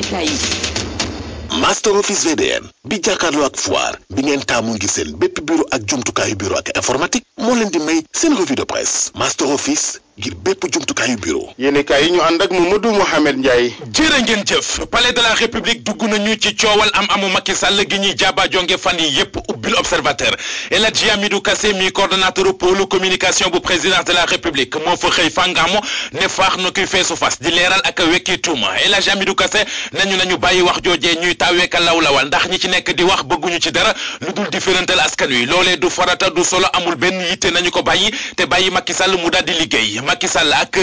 yéenekaay yi master office VDM bi jàkkaarloo ak foire bi ngeen taamu ngi seen bépp bureau ak jumtukaayu bureau ak informatique moo leen di may seen revue de presse master office ngir bépp jumtukaayu bureau yéenekaay yi ñu ànd ak Mamadou Mouhamed Ndiaye jërë ngeen jëf palais de la république dugg nañu ci coowal am amu Macky Sall gi ñuy jaaba jonge fan yi yépp ubbil observateur El Hadji Amidou Kassé mi coordonnateur pôle communication bu présidence de la république moo fa xëy fàngaamu ne faax na kuy feesu fas di leeral ak wekki tuuma El Hadji Amidou Kassé nañu nañu bàyyi wax joojee ñuy tàweeka lawlawal ndax ñi ci nekk di wax bëgguñu ci dara di férantal askan wi loolee du farata du solo amul benn yitte nañu ko bàyyi te bàyyi Macky Sall mu daal Macky Sall ak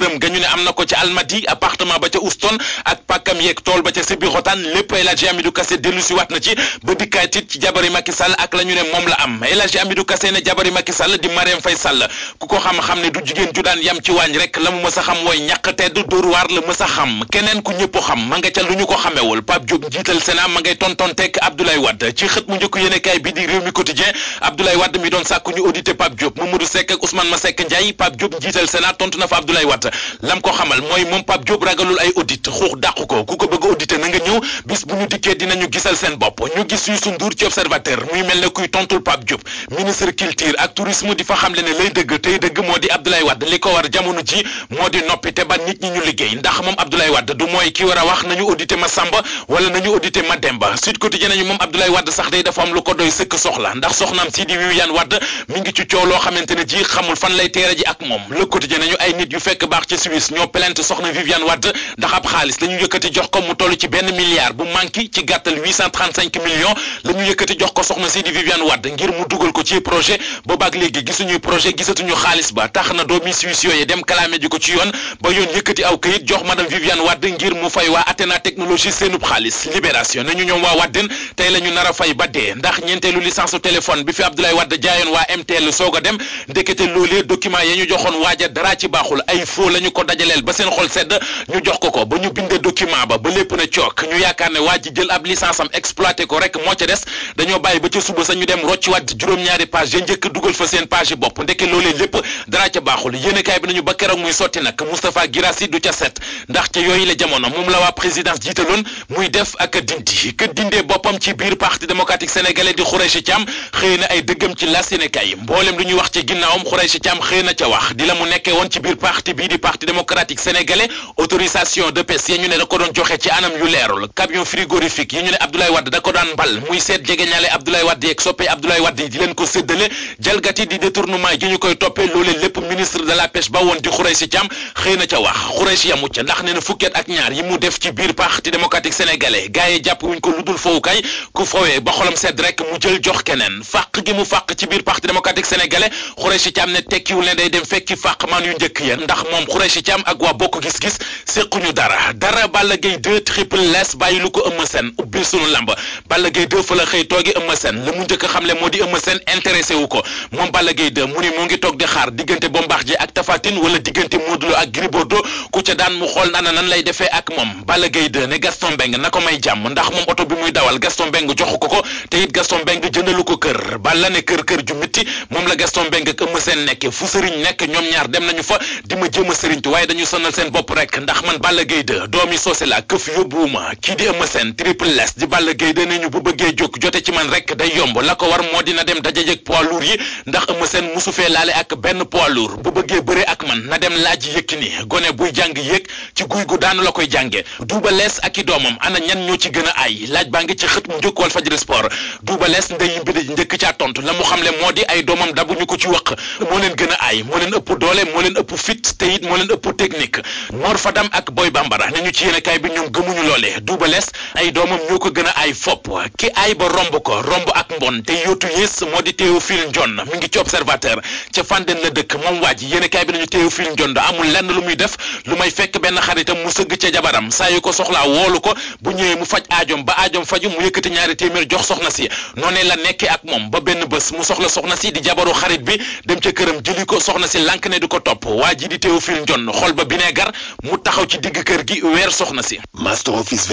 ku ko xam-xam ne du jigéen ju daan yam ci waañ rek la mu mës a xam mooy ñàkk tedd dóor la mës a xam keneen ku ñëpp xam ma nga ca lu ñu ko xamewul Pape Diop njiital Sénat ma ngay tontonteeg Abdoulaye Wade ci xët mu njëkk yéene bi di réew mi quotidien Abdoulaye Wade mi doon sàkku ñu audité Pape Diop Mamadou Seck ak Ousmane Masseck Ndiaye Pape Diop njiital Sénat tontu tontu na fa Abdoulaye Wade lam ko xamal mooy moom Pape Diop ragalul ay audit xuux dàq ko ku ko bëgg audité na nga ñëw bis bu ñu dikkee dinañu gisal seen bopp ñu gis Youssou Ndour ci observateur muy mel ne kuy tontul Pape Diop ministre culture ak tourisme di fa xamle ne lay dëgg tey dëgg moo di Abdoulaye Wade li ko war jamono ji moo di noppi te ba nit ñi ñu liggéey ndax moom Abdoulaye Wade du mooy ki war a wax nañu audité ma Samba wala nañu audité ma Demba Sud ay nit yu fekk baax ci Suisse ñoo plainte soxna Viviane Wade ndax ab xaalis la ñu yëkkati jox ko mu toll ci benn milliard bu manqué ci gàttal 835 millions la ñu yëkkati jox ko soxna si di Viviane Wade ngir mu dugal ko ci projet gisatuñu xaalis ba tax na doomi Suisse yooyu ko ci yoon ba yoon yëkkati aw këyit jox madame Viviane Wade ngir mu waa Athéna technologie seenub xaalis libération nañu ñoom waa Wade tey la ñu nar a fay ba ndax ñeenteelu licence su téléphone bi fi Abdoulaye Wade jaayoon waa MTL soog a dem ndekete loolee document ya ñu joxoon waaja dara ci ci ay foo la ñu ko dajaleel ba seen xol sedd ñu jox ko ko ba ñu binde document ba ba lépp na cook ñu yaakaar ne waa jël ab licence am exploité ko rek moo ca des dañoo bàyyi ba ca suba sa dem rocciwaat juróom-ñaari page ya njëkk dugal fa seen page bopp ndeke loolee lépp dara ca baaxul yéenekaay bi nañu ba keroog muy sotti nag Moustapha Guirassy du ca set ndax ca yooyu la jamono moom la waa présidence jiitaloon muy def ak dindi ka dindee boppam ci biir parti démocratique sénégalais di Khoureychi Thiam xëy na ay dëggam ci las yéenekaay mboolem lu ñuy wax ci ginnaawam Khoureychi Thiam xëy na ca wax di la mu nekkee woon ci biir parti bii di parti démocratique sénégalais autorisation de pes ya ko doon joxe ci anam yu leerul camion frigorifique yi ñu ne Abdoulaye Wade da ko daan mbal muy seet jegeñaale Abdoulaye Wade yeeg soppe Abdoulaye Wade yi leen ko séddale jalgati di détournement yi ñu koy toppee loolee lépp ministre de la pêche ba woon di Khoureychi Thiam xëy na ca wax Khoureychi yamu ca ndax nee na fukkeet ak ñaar yi mu def ci biir parti démocratique sénégalais gars yi jàpp wuñ ko ludul fowukaay ku fowee ba xolam sedd rek mu jël day dem fekki fàq man yu njëkk ya ndax moom Khoureychi Balla Gaye 2 triple less bàyyi lu ko Eumeu Sène ubbi sunu lamb Balla Gaye fa la xëy toogi Eumeu Sène la mu njëkk xamle moo di Eumeu Sène intéressé wu ko moom Balla Gaye mu ni moo ngi toog di xaar diggante Bombardier ak Tapha Tine wala diggante Modou Lo ak Gris Bordeaux ku ca daan mu xool ana nan lay defee ak moom Balla Gaye 2 ne Gaston Mbengue na ko may jàmm ndax moom oto bi muy dawal Gaston Mbengue joxu ko ko te it Gaston Mbengue jëndalu ko kër Balla ne kër kër ju mitti moom la Gaston Mbengue ak Eumeu Sène nekk fu sëriñ nekk ñoom ñaar dem nañu fa di ma jëm a sëriñtu waaye dañu sonal seen bopp rek ndax man Balla Gaye sosé la këf yóbbuwuma kii di Eumeu Sène Triple Less di Balla Gaye danañu bu bëggee jóg jote ci man rek day yomb la ko war moo dina dem dajajëg poids lourd yi ndax Eumeu Sène musu fee laale ak benn poids lourd bu bëggee bëre ak man na dem laaj Yékini gone buy jàng yéeg ci guy gu daanu la koy jànge Double Less ak i doomam ana ñan ñoo ci gën a ay laaj baa ngi ci xët mu njëkk Walf Fadjri Sport Double Less nday mbidi njëkk caa tontu la mu xamle moo di ay doomam dabu ñu ko ci wëq moo leen gën a ay moo leen ëpp moo leen ëpp fit te it yéenekaay bi ñoom gëmuñu loole Double Less ay doomam ñoo ko gën a ay fopp ki ay ba romb ko romb ak mbon te yootu yées moo di Théophile Ndione mi ngi ci observateur ca Fandène la dëkk moom waaj yéenekaay bi nañu Théophile Ndione do amul lenn lu muy def lu may fekk benn xaritam mu sëgg ca jabaram saa yu ko soxlaa woolu ko bu ñëwee mu faj aajom ba aajom faju mu yëkkati ñaari téeméer jox soxna si noonee a nekkee ak moom ba benn bés mu soxla soxna si di jabaru xarit bi dem ca këram jëli ko soxna si lank ne di ko topp waa ji di Théophile Ndione xol ba bineegar mu taxaw ci digg kër gi weer soxna si